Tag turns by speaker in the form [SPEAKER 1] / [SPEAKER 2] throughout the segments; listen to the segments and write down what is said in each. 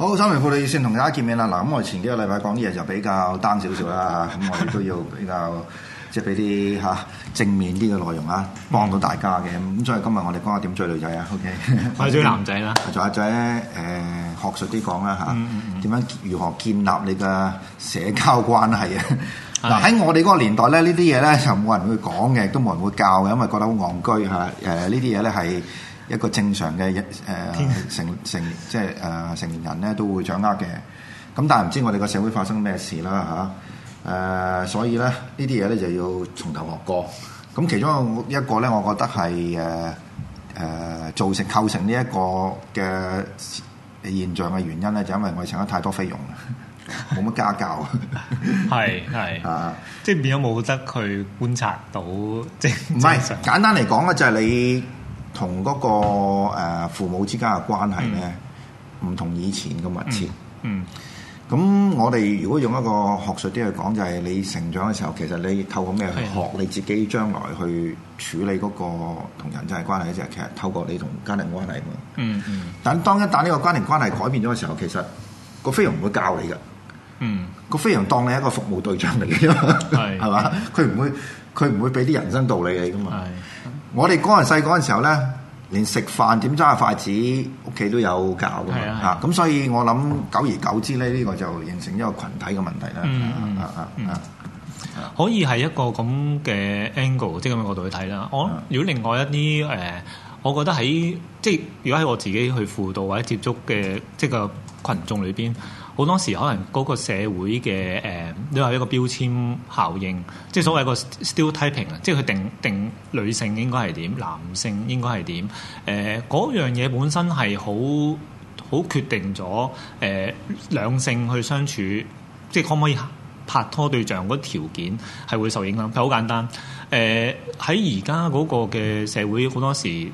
[SPEAKER 1] 好，三名富女先同大家見面啦。嗱，咁我哋前幾個禮拜講嘢就比較 down 少少啦嚇，咁的我哋都要比較 即係俾啲嚇正面啲嘅內容啊，幫到大家嘅。咁、嗯、所以今日我哋講下點追女仔啊。O、okay? K，我追男仔啦。就或者誒學術啲講啦嚇，點樣、嗯嗯、如何建立你嘅社交關係啊？嗱 的，喺我哋嗰個年代咧，呢啲嘢咧就冇人會講嘅，都冇人會教嘅，因為覺得好戇居嚇。誒呢啲嘢咧係。一個正常嘅誒、呃、成成即係誒成年人咧都會掌握嘅，咁但係唔知我哋個社會發生咩事啦嚇，誒、啊呃、所以咧呢啲嘢咧就要從頭學過。咁其中一個咧，我覺得係誒誒造成構成呢一個嘅現象嘅原因咧，就是、因為我哋請得太多菲傭啦，冇乜 家教，
[SPEAKER 2] 係係 啊，即係變咗冇得去觀察到，即唔係
[SPEAKER 1] 簡單嚟講咧，就係、是、你。同嗰個父母之間嘅關係咧，唔同以前咁密切。嗯。咁我哋如果用一個學術啲嚟講，就係你成長嘅時候，其實你透過咩去學你自己將來去處理嗰個同人際關係咧？就係其實透過你同家庭關係。嗯嗯。但當一旦呢個家庭關係改變咗嘅時候，其實個菲傭唔會教你噶。嗯。個菲傭當你係一個服務對象嚟嘅啫嘛。係 吧。係嘛是的？佢唔會佢唔會俾啲人生道理你噶嘛。係。我哋嗰陣細個嘅時候咧，連食飯點揸筷子，屋企都有教嘅。嘛咁、啊啊、所以我諗久而久之咧，呢、呢個就形成一個群體嘅問題啦。啊啊、嗯嗯、啊！嗯、啊
[SPEAKER 2] 可以係一個咁嘅 angle，即係咁樣角度去睇啦。就是啊、我諗如果另外一啲誒、呃，我覺得喺即係如果喺我自己去輔導或者接觸嘅即係個群眾裏邊。好多時可能嗰個社會嘅誒都係一個標籤效應，即係所謂一個 stereotyping 啊，即係佢定定女性應該係點，男性應該係點。誒、呃，嗰樣嘢本身係好好決定咗誒、呃、兩性去相處，即係可唔可以拍拖對象嗰條件係會受影響。係好簡單。誒、呃，喺而家嗰個嘅社會好多時。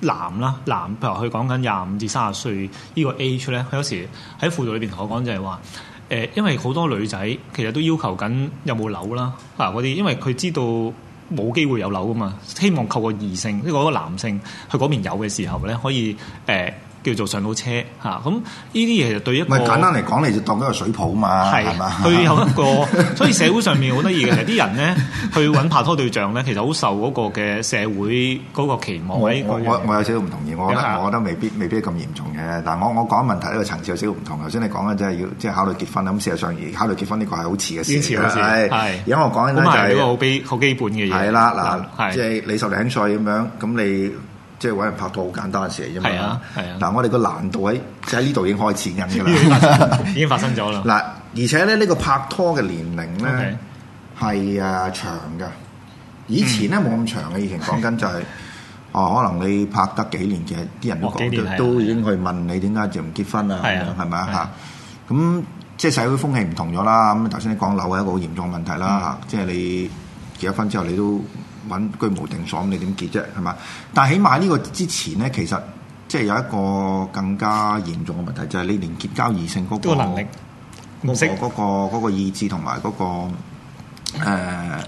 [SPEAKER 2] 男啦，男譬如佢講緊廿五至三十歲呢個 age 咧，佢有時喺輔導裏邊同我講就係話，誒、呃，因為好多女仔其實都要求緊有冇樓啦，啊嗰啲，因為佢知道冇機會有樓啊嘛，希望靠個異性，即係嗰個男性，去嗰邊有嘅時候咧，可以誒。呃叫做上到車嚇，咁呢啲嘢就實對一個唔係簡單嚟
[SPEAKER 1] 講，你就當一個水泡嘛，係嘛是？對吧有一個，
[SPEAKER 2] 所以社會上面好得意嘅係啲人咧，去揾拍拖對象咧，其實好受嗰個嘅社會嗰個期望。我、這個、我,我,
[SPEAKER 1] 我有少少唔同意，我覺得我覺得未必未必咁嚴重嘅。但係我我講問題呢、這個層次有少少唔同。頭先你講緊，真係要即係考慮結婚啦，咁事實上而考慮結婚呢個係好遲嘅事啦，係因為我講緊就係、是、一個好
[SPEAKER 2] 基好基本嘅嘢。係啦，嗱，即係、就
[SPEAKER 1] 是、你十零歲咁樣，咁你。即係揾人拍拖好簡單嘅事嚟啫嘛，係啊，嗱、啊，我哋個難度喺即喺呢度已經開始緊嘅啦，已經發生咗啦。嗱，而且咧呢個拍拖嘅年齡咧係啊長嘅，以前咧冇咁長嘅。以前講緊就係， 哦，可能你拍得幾年嘅，啲人都講都已經去問你點解就唔結婚啊？係 啊，係咪啊？咁、啊啊、即係社會風氣唔同咗啦。咁頭先你講樓係一個好嚴重嘅問題啦，嚇， 即係你結咗婚之後你都。揾居無定所，你點結啫？係嘛？但係起碼呢個之前咧，其實即係有一個更加嚴重嘅問題，就係、是、你連結交異性嗰、嗰個能力，唔識、嗰個嗰個嗰個、意志同埋嗰個、呃、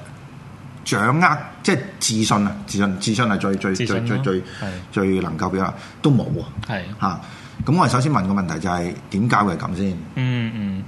[SPEAKER 1] 掌握，即係自，自，自，自信啊！自信自信係最最最最最最能夠表達，都冇的啊！係吓，咁我哋首先問個問題就係點解會咁先、嗯？嗯
[SPEAKER 2] 嗯。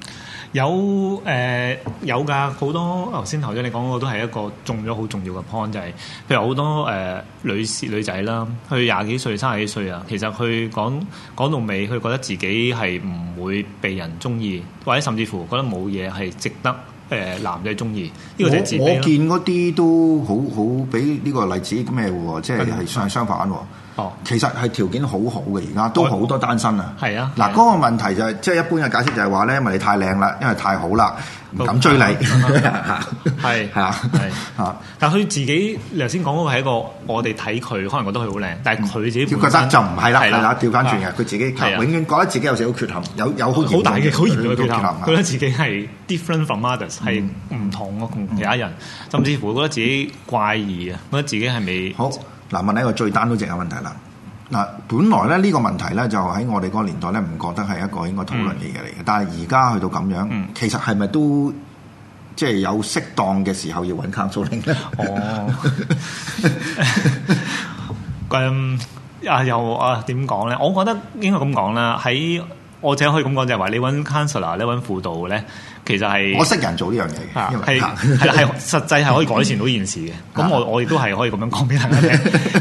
[SPEAKER 2] 有誒、呃、有㗎，好多頭先頭先你講嗰個都係一個中咗好重要嘅 point，就係、是、譬如好多誒、呃、女士女仔啦，佢廿幾歲、三十幾歲啊，其實佢講講到尾，佢覺得自己係唔會被人中意，或者甚至乎覺得冇嘢係值得。誒、呃、男嘅鍾意，我我見
[SPEAKER 1] 嗰啲都好好俾呢個例子咩喎、啊？即係係相、嗯、相反喎、啊。哦，其實係條件好好嘅，而家都好多單身啊。
[SPEAKER 2] 係啊、哦，嗱，
[SPEAKER 1] 嗰個問題就係即係一般嘅解釋就係話咧，因為你太靚啦，因為太好啦。唔敢追
[SPEAKER 2] 你，係啊，係啊，但佢自己，你頭先講嗰個係一個，我哋睇佢，可能覺得佢好靚，但係佢自己，覺得就唔係啦，係啦，調翻轉嘅，佢自己係永遠覺得自己有少少缺陷，有有好大嘅好嚴重嘅缺陷，覺得自己係 different from others，係唔同嘅同其他人，甚至乎覺得自己怪異啊，覺得自己係未好。嗱，問你一個最單刀直嘅問題啦。嗱，本
[SPEAKER 1] 來咧呢個問題咧就喺我哋嗰個年代咧唔覺得係一個應該討論嘅嘢嚟嘅，嗯、但係而家去到咁樣，嗯、其實係咪都即係、就是、有適當嘅時候要揾 counseling 咧？哦，
[SPEAKER 2] 誒、 嗯、啊，又啊點講咧？我覺得應該咁講啦。喺我只可以咁講就係話，你揾 counselor，你揾輔導咧。其實係我識人做呢樣嘢，係係係實際係可以改善到現事嘅。咁 我我亦都係可以咁樣講俾大家聽。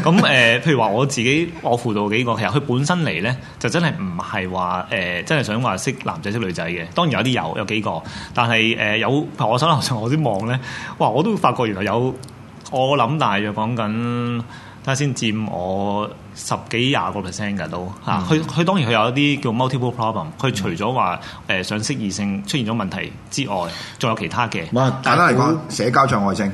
[SPEAKER 2] 咁誒、 呃，譬如話我自己，我輔導幾個，其實佢本身嚟咧，就真係唔係話誒，真係想話識男仔識女仔嘅。當然有啲有有幾個，但係誒、呃、有如我手頭上我啲望咧，哇！我都發覺原來有我諗，大約又講緊。睇下先佔我十幾廿個 percent 㗎都嚇，佢佢、啊嗯、當然佢有一啲叫 multiple problem，佢除咗話誒想適宜性出現咗問題之外，仲有其他嘅。簡單嚟講，社交障礙症。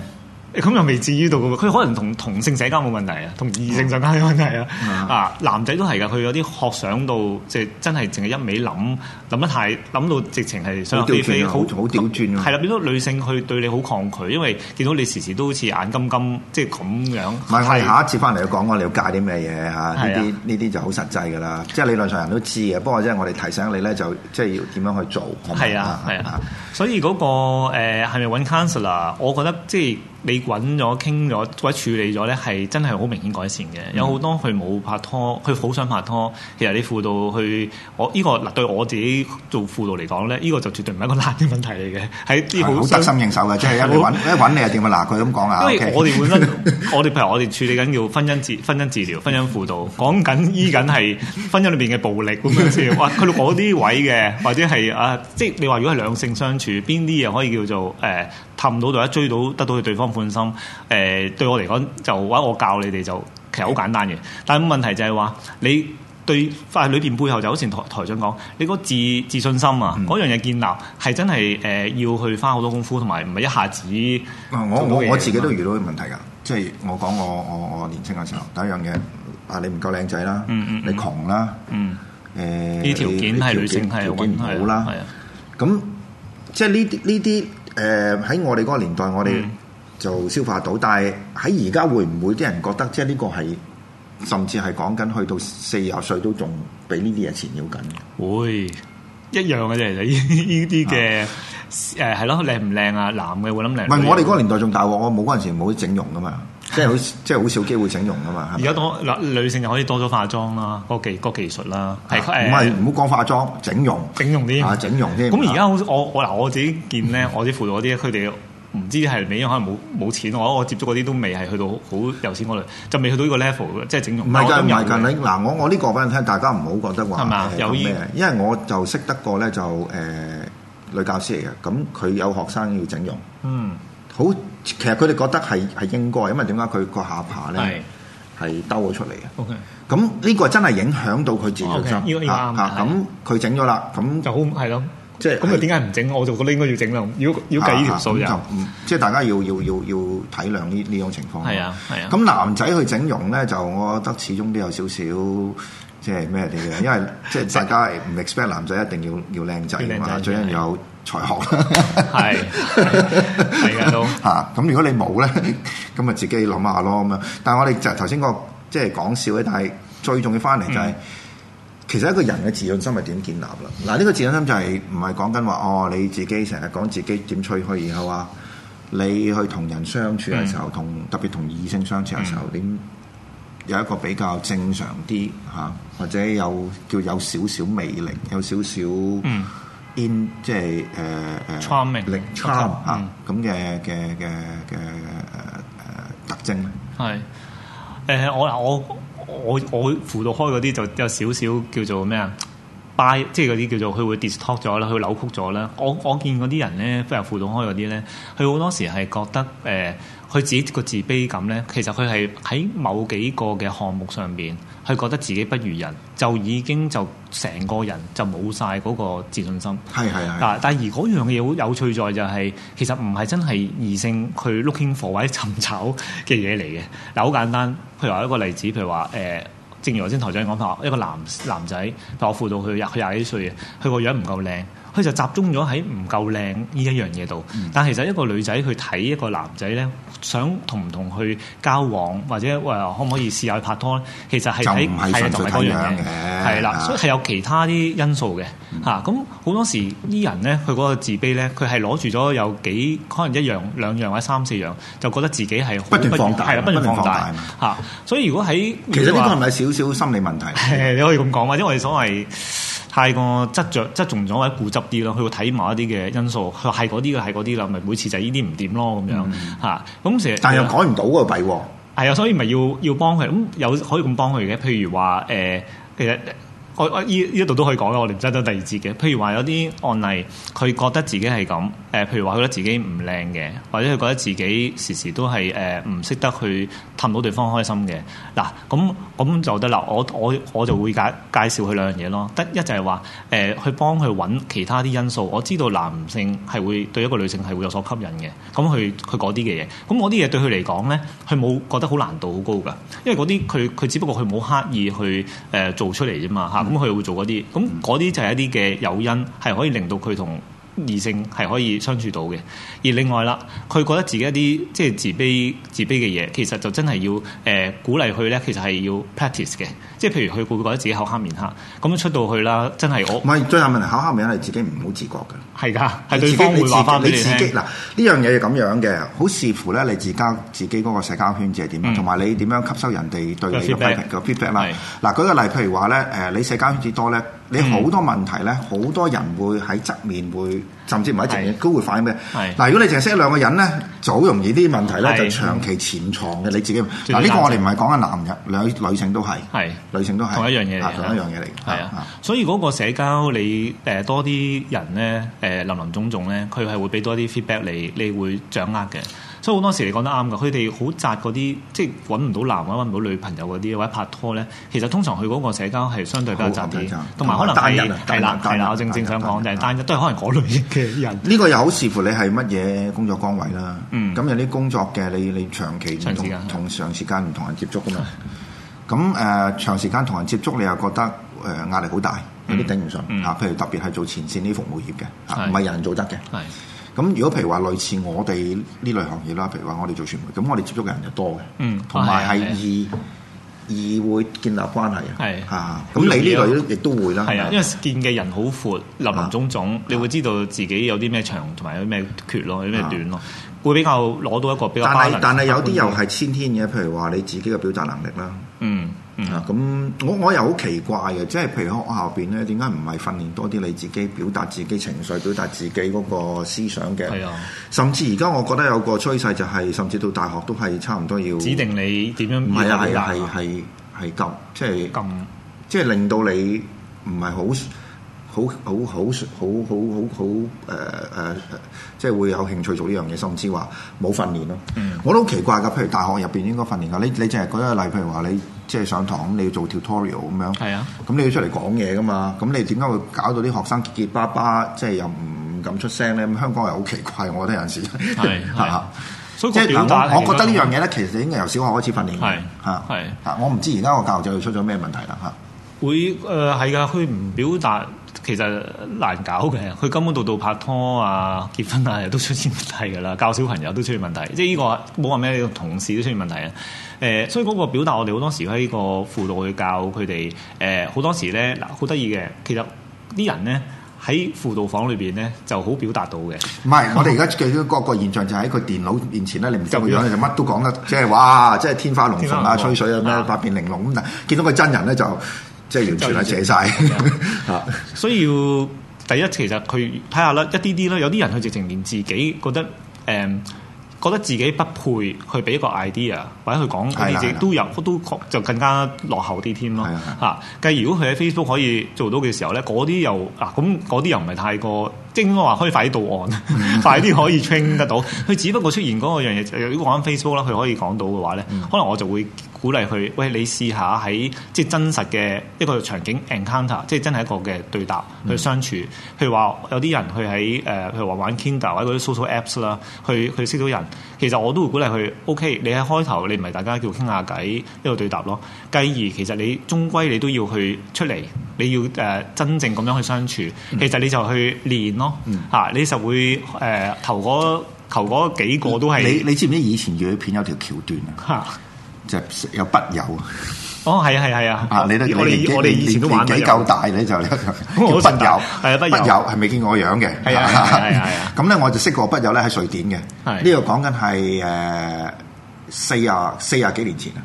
[SPEAKER 2] 咁又未至於到嘅喎，佢可能同同性社交冇問題啊，同異性社交有問題啊。啊，男仔都係噶，佢有啲學想到，即係真係淨係一味諗諗得太諗到，直情係想飛好
[SPEAKER 1] 好掉轉。係啦，
[SPEAKER 2] 變咗女性佢對你好抗拒，因為見到你時時都好似眼金金，即係咁樣。唔係，我哋下一
[SPEAKER 1] 次翻嚟要講，我哋要戒啲咩嘢吓？呢啲呢啲就好實際嘅啦。即係理論上人都知嘅，不過即係我哋提醒你咧，就即係要點樣去做。係啊係啊，
[SPEAKER 2] 所以嗰個誒係咪揾 counselor 我覺得即係。你揾咗傾咗或者處理咗咧，係真係好明顯改善嘅。嗯、有好多佢冇拍拖，佢好想拍拖。其實你輔導去，我依、這個嗱對我自己做輔導嚟講咧，呢、這個就絕對唔係一個難嘅問題嚟嘅，係好得心應手嘅。即係一揾一你又點
[SPEAKER 1] 啊？嗱很，佢咁講啊。因為我哋本
[SPEAKER 2] 身，我哋譬如我哋處理緊叫婚姻治婚姻治療、婚姻輔導，講緊依緊係婚姻裏邊嘅暴力咁樣先。哇！佢到啲位嘅，或者係啊，即係你話如果係兩性相處，邊啲嘢可以叫做誒？呃氹到就一追到得到佢對方款心，誒、呃、對我嚟講就話我教你哋就其實好簡單嘅，哎、但係問題就係話你對，但係裏邊背後就好似台台長講，你個自自信心啊嗰、嗯、樣嘢建立係真係誒、呃、要去花好多功夫，同埋唔係一下子。我我我自己都遇到問題㗎，即係我講我我
[SPEAKER 1] 我年青嘅時候，第一樣嘢啊，你唔夠靚仔啦，你窮啦，誒呢、嗯嗯嗯、條件係女性係揾唔到啦，係啊，咁即係呢啲呢啲。誒喺、呃、我哋嗰個年代，我哋就消化到，嗯、但係喺而家會唔會啲人覺得，即係呢個係甚至係講緊去到四廿歲都仲俾呢啲嘢纏繞
[SPEAKER 2] 緊？會，哎、一樣嘅啫，其實呢啲嘅誒係咯靚唔靚啊？男嘅會諗靚。唔係、啊、我哋嗰是有個年
[SPEAKER 1] 代仲大鑊，我冇嗰陣時冇整容噶嘛。即係好，即係好少機會整容㗎嘛，係咪？而
[SPEAKER 2] 家多嗱，女性就可以多咗化妝啦，個技個技術啦，係。唔係唔好講化妝，整容。整容啲，
[SPEAKER 1] 整容啲。咁而家
[SPEAKER 2] 好，我我嗱我自己見咧，我啲輔導嗰啲，佢哋唔知係美因可能冇冇錢，我我接觸嗰啲都未係去到好有錢嗰類，就未去到呢個 level 嘅。即係整容。唔係㗎，唔係嗱，
[SPEAKER 1] 我我呢個講俾你聽，大家唔好覺得話係咩，因為我就識得個咧就誒女教師嚟嘅，咁佢有學生要整容，嗯好。其實佢哋覺得係係應該，因為點解佢個下巴咧係兜咗出嚟嘅。OK，咁呢個真係影響到佢自信心。咁佢整咗啦，咁就好係咯，即係咁佢點解唔整？我就覺得應該要整咯。如果要計呢條數即係大家要要要要體諒呢呢種情況。係啊係啊。咁男仔去整容咧，就我覺得始終都有少少即係咩嘅，因為即係大家係唔 expect 男仔一定要要靚仔嘛，最緊要有。才學
[SPEAKER 2] 啦
[SPEAKER 1] 係係嘅都嚇咁。 如果你冇咧，咁 咪自己諗下咯咁樣。但係我哋、那個、就頭先個即係講笑咧，但係最重要翻嚟就係、是嗯、其實一個人嘅自信心係點建立啦？嗱，呢個自信心就係唔係講緊話哦，你自己成日講自己點吹噓然後話你去同人相處嘅時候，同、嗯、特別同異性相處嘅時候，點、嗯、有一個比較正常啲嚇，或者有叫有少少魅力，有少少嗯。嗯邊即係誒誒 charming
[SPEAKER 2] 咁嘅嘅嘅嘅誒特徵咧？係、uh，誒我我我我輔導開嗰啲就有少少叫做咩啊？掰即係嗰啲叫做佢會 distort 咗啦，佢扭曲咗啦。我我見嗰啲人咧，翻嚟輔導開嗰啲咧，佢好、這個、多時係覺得誒。呃佢自己個自卑感咧，其實佢係喺某幾個嘅項目上邊，佢覺得自己不如人，就已經就成個人就冇晒嗰個自信心。係係係！嗱，但而嗰樣嘢好有趣在就係、是，其實唔係真係異性去 looking for 或者尋找嘅嘢嚟嘅。嗱，好簡單，譬如話一個例子，譬如話誒、呃，正如頭先台長講話，一個男男仔，但我輔導佢廿佢廿幾歲佢個樣唔夠靚。佢就集中咗喺唔夠靚呢一樣嘢度，嗯、但係其實一個女仔去睇一個男仔咧，想同唔同去交往，或者喂，可唔可以試下去拍拖咧？其實係喺係就係多樣嘅，係啦、啊，所以係有其他啲因素嘅嚇。咁好多時啲人咧，佢嗰個自卑咧，佢係攞住咗有幾可能一,一樣、兩樣或者三四樣，就覺得自己係不斷放大，係啦、嗯，不斷放大嚇、嗯。所以如果喺其實呢個係咪少少心理問題？ 你可以咁講嘛，因為所謂。太過執著、執重咗或者固執啲咯，佢會睇某一啲嘅因素，佢係嗰啲嘅係嗰啲啦，咪每次就係呢啲唔掂咯咁樣嚇。咁成日但係是又、嗯、改唔到個弊喎。係啊，所以咪要要幫佢咁有可以咁幫佢嘅，譬如話誒、呃，其實。我我依依度都可以講嘅，我瞭解到第二節嘅。譬如話有啲案例，佢覺得自己係咁，誒、呃、譬如話佢覺得自己唔靚嘅，或者佢覺得自己時時都係誒唔識得去氹到對方開心嘅。嗱，咁咁就得啦。我我我就會介介紹佢兩樣嘢咯。第一就係話誒去幫佢揾其他啲因素。我知道男性係會對一個女性係會有所吸引嘅。咁佢佢嗰啲嘅嘢，咁嗰啲嘢對佢嚟講咧，佢冇覺得好難度好高㗎。因為嗰啲佢佢只不過佢冇刻意去誒、呃、做出嚟啫嘛嚇。咁佢會做嗰啲，咁嗰啲就係一啲嘅誘因，係可以令到佢同異性係可以相處到嘅，而另外啦，佢覺得自己一啲即係自卑自卑嘅嘢，其實就真係要誒、呃、鼓勵佢咧，其實係要 practice 嘅。即係譬如佢會覺得自己口黑面黑，咁樣出到去啦，真係我唔係最
[SPEAKER 1] 有問題，口黑面黑你自己唔好自覺㗎。係㗎，係對方會自發你自己。嗱，呢樣嘢係咁樣嘅，好視乎咧你自交自己嗰個社交圈子係點樣，同埋、嗯、你點樣吸收人哋對你嘅批評嘅 feedback 啦。嗱，舉個例，譬如話咧誒，你社交圈子多咧。你好多問題咧，好多人會喺側面會，甚至唔係一定嘢都會反映嘅。嗱，是的 如果你淨係識一兩個人咧，就好容易啲問題咧是的 就長期潛藏嘅。是的 你自己嗱，呢個我哋唔係講緊男人，兩女性都係，女性都係是的 同一樣嘢嚟、啊，同一樣嘢嚟。係啊，
[SPEAKER 2] 所以嗰個社交你誒、呃、多啲人咧，誒林林總總咧，佢係會俾多啲 feedback 你，你會掌握嘅。所以好多時你講得啱㗎，佢哋好宅嗰啲，即係揾唔到男嘅，揾唔到女朋友嗰啲，或者拍拖咧，其實通常去嗰個社交係相對比較宅啲，同埋可能單一、係啦，係啦，我正正想講就係單，都係可能嗰
[SPEAKER 1] 類型嘅人。呢個又好視乎你係乜嘢工作崗位啦。嗯，咁有啲工作嘅，你你長期長時間同長時間唔同人接觸嘅嘛。咁誒長時間同人接觸，你又覺得誒壓力好大，有啲頂唔順啊。譬如特別係做前線啲服務業嘅，唔係人做得嘅。係。咁如果譬如話類似我哋呢類行業啦，譬如話我哋做傳媒，咁我哋接觸嘅人就多嘅，嗯，
[SPEAKER 2] 同埋係而而會建立關係，係啊，咁你呢類
[SPEAKER 1] 亦都會啦，係啊，因為
[SPEAKER 2] 見嘅人好闊，林林種種，你會知道自己有啲咩長同埋有啲咩缺咯，有啲咩短咯，會比較攞到一個比較。但係但係有啲又係
[SPEAKER 1] 先天嘅，譬如話你自己嘅表達能力啦，嗯。啊，咁、嗯、我我又好奇怪嘅，即係譬如學校邊咧，點解唔係訓練多啲你自己表達自己情緒、表達自己嗰個思想嘅？係啊，甚至而家我覺得有個趨勢就係，甚至到大學都係差唔多要指定
[SPEAKER 2] 你點樣表達嘅。唔係啊，係啊，係係係咁，即係
[SPEAKER 1] 咁，即係、就是就是就是、令到你唔係好好好好好好好好誒誒即係會有興趣做呢樣嘢，甚至話冇訓練咯。嗯、我都好奇怪嘅，譬如大學入邊應該訓練嘅，你你淨係舉咗個例，譬如話你。你即係上堂，你要做 tutorial 咁樣，咁、啊、你要出嚟講嘢噶嘛？咁你點解會搞到啲學生結結巴巴，即係又唔敢出聲咧？咁香港係好奇怪，我覺得有陣時
[SPEAKER 2] 係啊，即係我，我覺得呢樣嘢
[SPEAKER 1] 咧，其實應該由小學開始訓練嘅，嚇係啊！我唔知而家個教育就出咗咩問題啦嚇，
[SPEAKER 2] 會誒係噶，佢、呃、唔表達。其實難搞嘅，佢根本度度拍拖啊、結婚啊，都出現問題㗎啦。教小朋友都出現問題，即係、這、呢個冇話咩，這個、同事都出現問題啊。誒、呃，所以嗰個表達，我哋好多時喺呢個輔導去教佢哋。誒、呃，好多時咧，嗱、啊，好得意嘅，其實啲人咧喺輔導房裏邊咧就好表達到嘅。
[SPEAKER 1] 唔係，我哋而家見到嗰個現象就喺佢電腦面前咧， 你唔知個樣就乜都講得，即係哇，即係天花龍鳳啊、吹水啊咩八面玲瓏咁嗱，見到個真人咧就。 即係完全係寫
[SPEAKER 2] 晒。嚇！ 所以要第一其實佢睇下啦，一啲啲啦。有啲人佢直情連自己覺得誒、嗯，覺得自己不配去俾一個 idea 或者佢講，你自己都有是的 都確就更加落後啲添咯，嚇！咁如果佢喺 Facebook 可以做到嘅時候咧，嗰啲又嗱咁嗰啲又唔係太過。正我話可以快啲到岸， 快啲可以 train 得到。佢 只不過出現個樣嘢。如果玩 Facebook 啦，佢可以講到嘅話咧，mm. 可能我就會鼓勵佢，喂，你試下喺即係真實嘅一個場景 encounter，即係真係一個嘅對答、mm. 去相處，譬如話有啲人去喺誒，譬如話玩 Kindle 或者啲 social apps 啦，去去識到人。其實我都會鼓勵佢，OK，你喺開頭你唔係大家叫傾下偈一個對答咯。繼而其實你終歸你都要去出嚟，你要誒真正咁樣去相處，其實你就去練咯。Mm. 嗯，吓你就會誒，頭嗰頭嗰幾個都係你，
[SPEAKER 1] 你知唔知以前粵語片有條橋段啊？吓，就有筆友
[SPEAKER 2] 哦，係啊係啊係啊，啊你都我我我以前都年紀夠大，
[SPEAKER 1] 你就有筆友，係啊筆友係未見過我樣嘅，係啊係啊，咁咧我就識過筆友咧喺瑞典嘅，係呢個講緊係誒四十四十幾年前啊。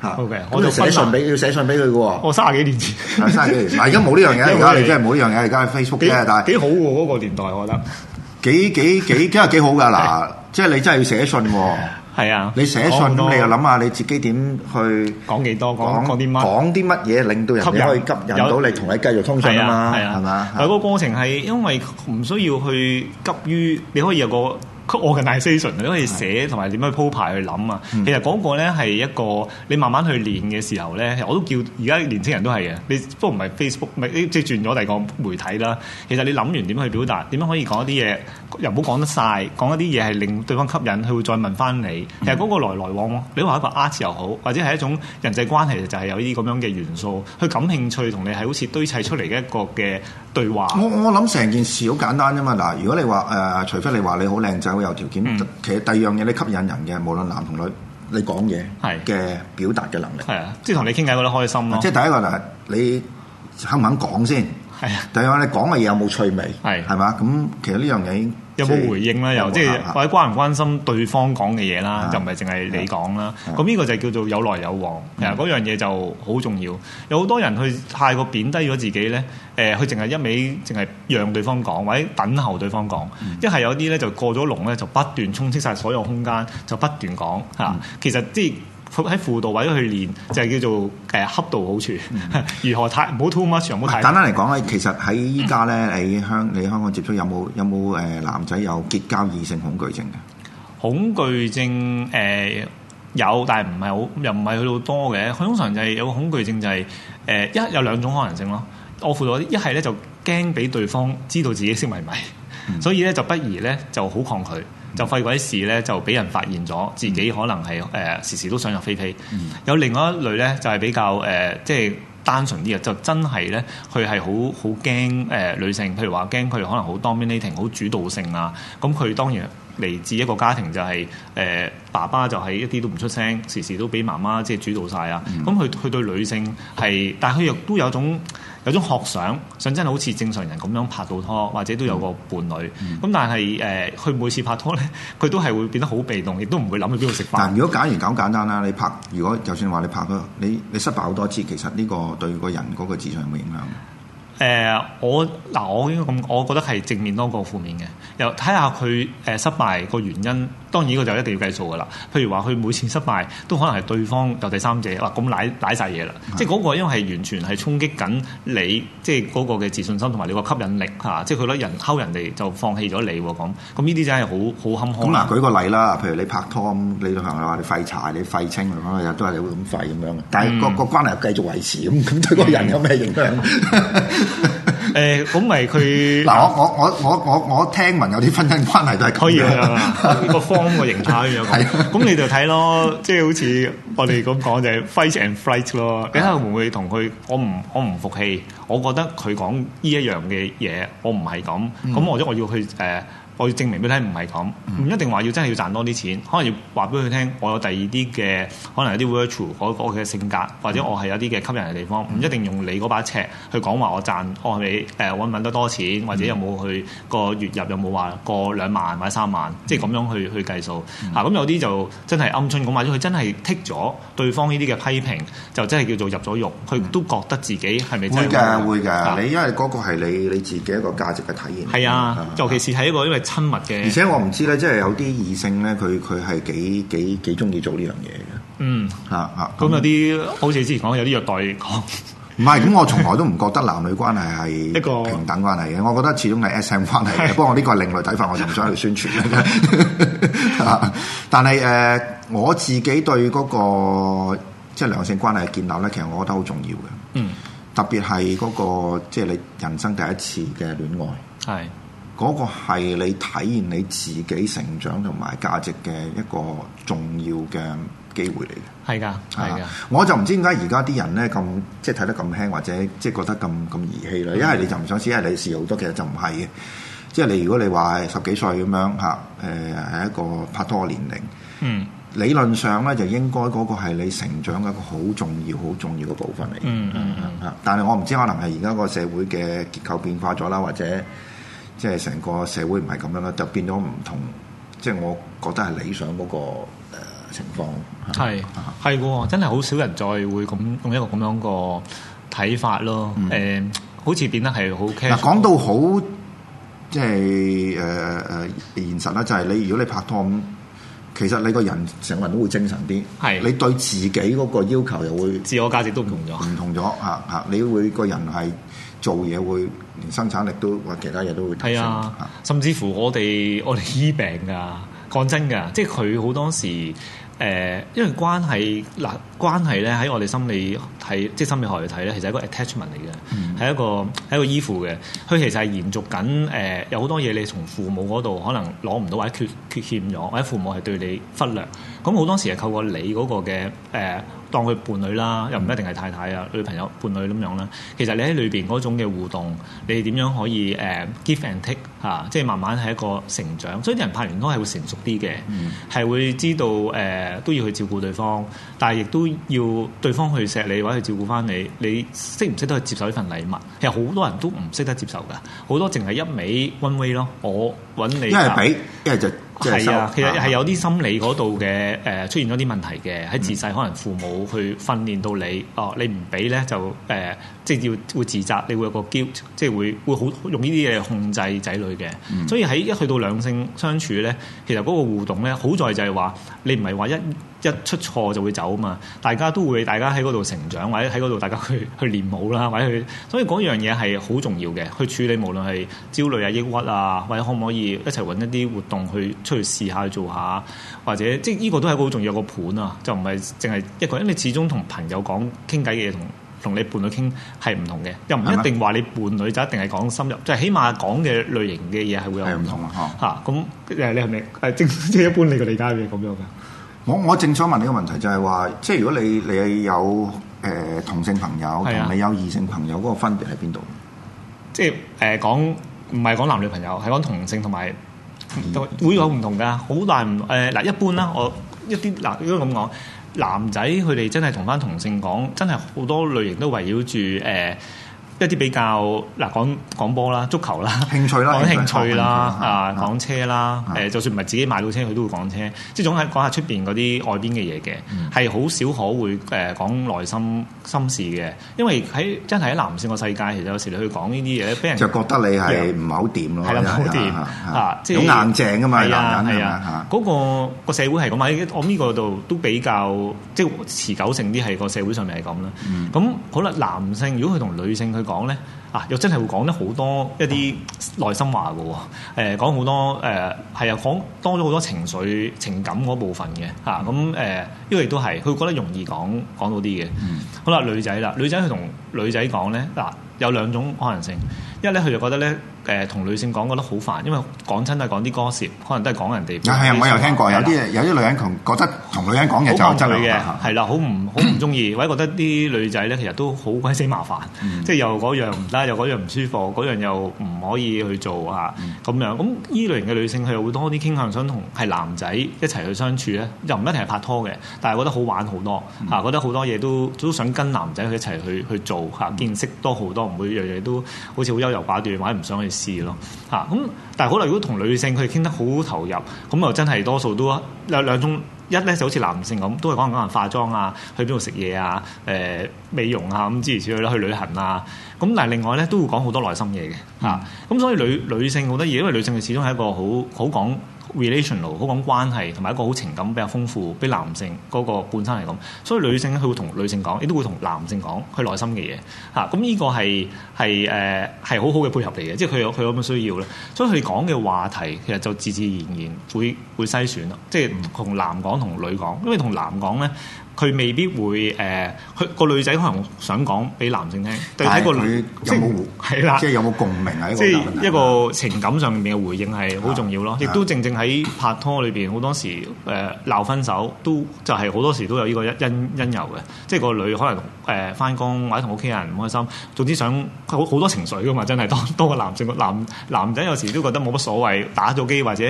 [SPEAKER 2] 吓，我就寫信俾
[SPEAKER 1] 要寫信俾佢嘅喎。我卅幾年前，卅幾年，嗱而家冇呢樣嘢，而家你真係冇呢樣嘢，而家係 Facebook 啫，但係幾好喎，嗰個年代，我覺得幾幾幾，真係幾好噶嗱，即係你真係要寫信喎，係啊，你寫信你又諗下你自己點去講幾多講講啲乜講啲乜嘢，令到人可以吸引到你同你繼續通信啊，係啊，係嘛？嗰
[SPEAKER 2] 個過程係因為唔需要去急於你可以有個。我嘅 narration，你可以寫同埋點樣去鋪排去諗啊！嗯、其實嗰個咧係一個你慢慢去練嘅時候咧，我都叫而家年輕人都係嘅。你都唔係 Facebook，唔即係轉咗第二個媒體啦。其實你諗完點樣去表達點樣可以講一啲嘢，又唔好講得晒講一啲嘢係令對方吸引，佢會再問翻你。其實嗰個來來往往，你話一個 R 字又好，或者係一種人際關係就係有呢啲咁樣嘅元素，佢感興趣同你係好似堆砌出嚟嘅一個嘅對話。
[SPEAKER 1] 我我諗成件事好簡單啫嘛！嗱，如果你話誒、呃、除非你話你好靚仔。有條件，嗯、其實第二樣嘢你吸引人嘅，嗯、無論男同女，你講嘢嘅表達嘅能力，係啊，
[SPEAKER 2] 即係同你傾偈覺得開心咯。即係第一個嗱，
[SPEAKER 1] 你肯唔肯講先？係啊。第二個，你講嘅嘢有冇趣味？係啊，係嘛？咁其實呢樣嘢。有冇回應啦？又即係或者
[SPEAKER 2] 關唔關心對方講嘅嘢啦？又唔係淨係你講啦？咁呢個就叫做有來有往，嗱的，嗰樣嘢就好重要。有好多人去太過貶低咗自己咧，誒、呃，佢淨係一味淨係讓對方講，或者等候對方講。一係的的有啲咧就過咗龍咧，就不斷充斥晒所有空間，就不斷講吓。其實啲。即喺輔導或者去練，就係、是、叫做誒恰到好處。嗯、如何太唔好 too much，唔好太，太簡單嚟
[SPEAKER 1] 講咧。其實喺依家咧，你香你香港接觸有冇有冇誒、呃、男仔有結交異性恐懼
[SPEAKER 2] 症嘅恐懼症誒、呃、有，但係唔係好又唔係去到多嘅。佢通常就係有恐懼症就係、是、誒、呃、一有兩種可能性咯。我輔導一係咧就驚俾對方知道自己識迷迷，嗯、所以咧就不宜咧就好抗拒。就費鬼事咧，就俾人發現咗自己可能係誒、呃、時時都想入非非。嗯、有另外一類咧，就係、是、比較誒即係單純啲嘅，就真係咧佢係好好驚誒女性。譬如話驚佢可能好 dominating 好主導性啊。咁佢當然嚟自一個家庭就係、是、誒、呃、爸爸就係一啲都唔出聲，時時都俾媽媽即係、就是、主導晒啊。咁佢佢對女性係，但係佢亦都有種。有種學想想真係好似正常人咁樣拍到拖，或者都有個伴侶。咁、嗯、但係誒，佢、呃、每次拍拖咧，佢都係會變得好被動，亦都唔會諗去邊度食飯。但如果假如講簡單啦，你拍如果就算話
[SPEAKER 1] 你拍你你失敗好多次，其實呢個對個人嗰個自信有冇影響？
[SPEAKER 2] 誒、呃，我嗱我應該咁，我覺得係正面多過負面嘅。又睇下佢誒失敗個原因。當然，佢就一定要計數噶啦。譬如話，佢每次失敗都可能係對方又第三者，哇！咁賴賴晒嘢啦，即係嗰個因為係完全係衝擊緊你，即係嗰個嘅自信心同埋你個吸引力嚇，即係佢攞人溝人哋就放棄咗你喎咁。咁呢啲真係好好坎坷。咁嗱、嗯，舉個
[SPEAKER 1] 例啦，譬如你拍拖你女朋友話你廢柴，你廢青咁啊，又都係你會咁廢咁樣。但係個個關係繼續維持咁，咁對嗰個人有咩影響？
[SPEAKER 2] 誒，咁咪佢嗱，我
[SPEAKER 1] 我我我我我聽聞有啲婚姻關係就係咁樣。
[SPEAKER 2] 方嘅形態有樣咁 你就睇咯，即係好似我哋咁講就係 fight and flight 咯。你係會唔會同佢？我唔我唔服氣，我覺得佢講呢一樣嘅嘢，我唔係咁。咁或者我要去誒。呃我要證明俾你聽唔係咁，唔一定話要真係要賺多啲錢，可能要話俾佢聽，我有第二啲嘅可能有啲 virtual，我嘅性格或者我係有啲嘅吸引嘅地方，唔一定用你嗰把尺去講話我賺，我係咪誒揾唔揾得多錢，或者有冇去個月入有冇話過兩萬或者三萬，即係咁樣去去計數。嚇咁、嗯啊、有啲就真係鵪鶉咁或者，佢真係剔咗對方呢啲嘅批評，就真係叫做入咗肉。佢都覺得自己係咪真會？會㗎會㗎，你、啊、因
[SPEAKER 1] 為嗰個係你你自己一個價值嘅體驗。係
[SPEAKER 2] 啊，尤其是係一個因為。親密嘅，而
[SPEAKER 1] 且我唔知咧，即係有啲異性咧，佢佢係幾幾幾中意做呢樣嘢嘅。嗯，
[SPEAKER 2] 嚇嚇，咁有啲好似之前講有啲虐待，
[SPEAKER 1] 唔係。咁我從來都唔覺得男女關係係一個平等關係嘅。我覺得始終係 SM 關係嘅。不過呢個係另類睇法，我就唔想去宣傳。但係誒，我自己對嗰個即係兩性關係嘅建立咧，其實我覺得好重要嘅。嗯，特別係嗰個即係你人生第一次嘅戀愛，係。嗰個係你體現你自己成長同埋價值嘅一個重要嘅機會嚟
[SPEAKER 2] 嘅，係㗎，係㗎。啊、
[SPEAKER 1] 我就唔知點解而家啲人咧咁即係睇得咁輕，或者即係覺得咁咁兒戲啦。一係的你就唔想試，下你試好多，其實就唔係嘅。即係你如果你話十幾歲咁樣嚇，誒、啊、係、呃、一個拍拖年齡，嗯，理論上咧就應該嗰個係你成長嘅一個好重要、好重要嘅部分嚟嘅，嗯，嗯嗯嗯。啊、但係我唔知可能係而家個社會嘅結構變化咗啦，或者。即係成個社會唔係咁樣啦，就變咗唔同。即係我覺得係理想嗰個情況。
[SPEAKER 2] 係係喎，真係好少人再會咁用一個咁樣個睇法咯。誒，好似變得係好。嗱，講
[SPEAKER 1] 到好即係誒誒現實啦，就係你如果你拍拖其實你個人成日都會精神啲。係你對自己嗰個要求又會自我價值都唔同咗，唔同咗啊啊！你會個人係。做嘢會
[SPEAKER 2] 連生產力都或者其他嘢都會提升，的嗯、甚至乎我哋我哋醫病啊，講真噶，即係佢好多時誒、呃，因為關係嗱、呃、關係咧喺我哋心理睇，即係心理學嚟睇咧，其實係一個 attachment 嚟嘅，係、嗯、一個係一個依附嘅。佢其實係延續緊誒、呃，有好多嘢你從父母嗰度可能攞唔到或者缺缺欠咗，或者父母係對你忽略，咁好多時係透過你嗰個嘅誒。呃當佢伴侶啦，又唔一定係太太啊，女朋友、伴侶咁樣啦。其實你喺裏邊嗰種嘅互動，你點樣可以誒、uh, give and take 嚇、啊？即係慢慢係一個成長。所以啲人拍完拖係會成熟啲嘅，係、嗯、會知道誒、uh, 都要去照顧對方，但係亦都要對方去錫你或者去照顧翻你。你識唔識得去接受呢份禮物？其實好多人都唔識得接受嘅，好多淨係一味 one way 咯。我揾你，一係俾，
[SPEAKER 1] 一係就。係啊，其實係有
[SPEAKER 2] 啲心理嗰度嘅誒，出現咗啲問題嘅，喺、嗯、自細可能父母去訓練到你，哦，你唔俾咧就誒、呃，即係要會自責，你會有個 guilt，即係會會好用呢啲嘢控制仔女嘅，嗯、所以喺一去到兩性相處咧，其實嗰個互動咧，好在就係話你唔係話一。一出錯就會走嘛，大家都會大家喺嗰度成長，或者喺嗰度大家去去練舞啦，或者去，所以嗰樣嘢係好重要嘅。去處理無論係焦慮啊、抑鬱啊，或者可唔可以一齊揾一啲活動去出去試下去做下，或者即係呢個都係一個好重要個盤啊，就唔係淨係一個，因為你始終同朋友講傾偈嘅嘢同同你伴侶傾係唔同嘅，又唔一定話你伴侶嗎就一定係講深入，即係起碼講嘅類型嘅嘢係會有唔同嚇。咁、嗯嗯啊、你係咪誒正即係一般你嘅理解嘅咁樣㗎？我我正想問你個問題就係話，即係如果你你有誒、呃、同性朋友，同你有異性朋友嗰個分別喺邊度？即係誒、呃、講唔係講男女朋友，係講同性同埋會有唔同㗎，好大唔嗱、呃、一般啦，我一啲嗱如果咁講，男仔佢哋真係同翻同性講，真係好多類型都圍繞住誒。呃一啲比較嗱講講波啦，足球啦，興趣啦、講興趣啦，啊講車啦，誒就算唔係自己買到車，佢都會講車，即係總係講下出邊嗰啲外邊嘅嘢嘅，係好少可會誒講內心心事嘅，因為喺真係喺男性個世界，其實有時你去講呢啲嘢，
[SPEAKER 1] 俾人就覺得你係唔係好掂咯，係啦，好掂啊，好硬正㗎嘛，啊，男人啊，
[SPEAKER 2] 嗰個個社會係咁，喺我呢個度都比較即係持久性啲，係個社會上面係咁啦。咁好啦，男性如果佢同女性佢。講咧啊，又真係會講得好多一啲內心話嘅喎，誒講好多誒，係、呃、啊，講多咗好多情緒情感嗰部分嘅吓。咁誒，呢個亦都係佢覺得容易講講到啲嘅。嗯，好啦，女仔啦，女仔佢同。女仔講咧，嗱、啊、有兩種可能性。一咧佢就覺得咧，誒、呃、同女性講覺得好煩，因為講親係講啲歌詞，可能都係講人哋。啊我又聽過，啦有啲有啲女人
[SPEAKER 1] 同覺得同女人講嘢就係爭女嘅，
[SPEAKER 2] 係、啊、啦，好唔好唔中意， 或者覺得啲女仔咧其實都好鬼死麻煩，嗯、即係又嗰樣唔得，又嗰樣唔舒服，嗰樣又唔可以去做嚇，咁、啊嗯、樣。咁依類型嘅女性佢又會多啲傾向想同係男仔一齊去相處咧，又唔一定係拍拖嘅，但係覺得好玩好多嚇、嗯啊，覺得好多嘢、嗯啊、都都想跟男仔去一齊去去做。嚇見識多好多，唔會樣樣都好似好優柔寡斷，或者唔想去試咯嚇。咁但係可能如果同女性佢哋傾得好投入，咁又真係多數都有兩種，一咧就好似男性咁，都係講講人化妝啊，去邊度食嘢啊，誒、美容啊咁諸如此類啦，去旅行啊。咁但係另外咧都會講好多內心嘢嘅嚇。咁、嗯、所以女女性好多嘢，因為女性佢始終係一個好好講，Relational，好講關係同埋一個好情感比較豐富，比男性嗰個本身嚟講，所以女性佢會同女性講，亦都會同男性講佢內心嘅嘢嚇。咁、啊、呢個係係誒係好好嘅配合嚟嘅，即係佢有佢有咁嘅需要咧。所以佢哋講嘅話題其實就自自然然會會篩選咯，即係唔同男講同女講，因為同男講咧。佢未必會誒，佢、呃、個女仔可能想講俾男性聽，但係個女有冇係啦，就是、的即係有
[SPEAKER 1] 冇共鳴啊？即係、就是、
[SPEAKER 2] 一個情感上面嘅回應係好重要咯。的亦都正正喺拍拖裏邊，好多時誒鬧、呃、分手都就係、是、好多時都有呢個因因由嘅。即係個女可能誒返工或者同屋企人唔開心，總之想佢好好多情緒噶嘛。真係多多過男性，男男仔有時都覺得冇乜所謂，打咗機或者。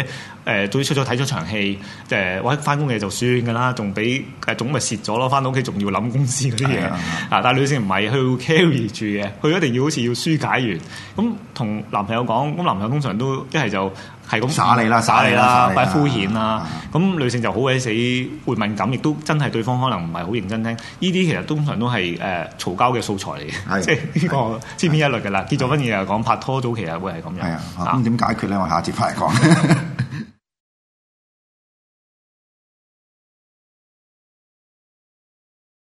[SPEAKER 2] 誒，早出咗睇咗場戲，誒，我喺翻工嘅就算噶啦，仲俾誒總咪蝕咗咯，翻到屋企仲要諗公司嗰啲嘢。啊，但係女性唔係，去 carry 住嘅，佢一定要好似要疏解完。咁同男朋友講，咁男朋友通常都一係就係咁耍你啦，耍你啦，快敷衍啦。咁女性就好鬼死會敏感，亦都真係對方可能唔係好認真聽。呢啲其實通常都係誒嘈交嘅素材嚟嘅，即係呢個千篇一律嘅啦。結咗婚嘅又講拍拖早期啊會係咁樣。係啊，咁點解決咧？我下節翻嚟講。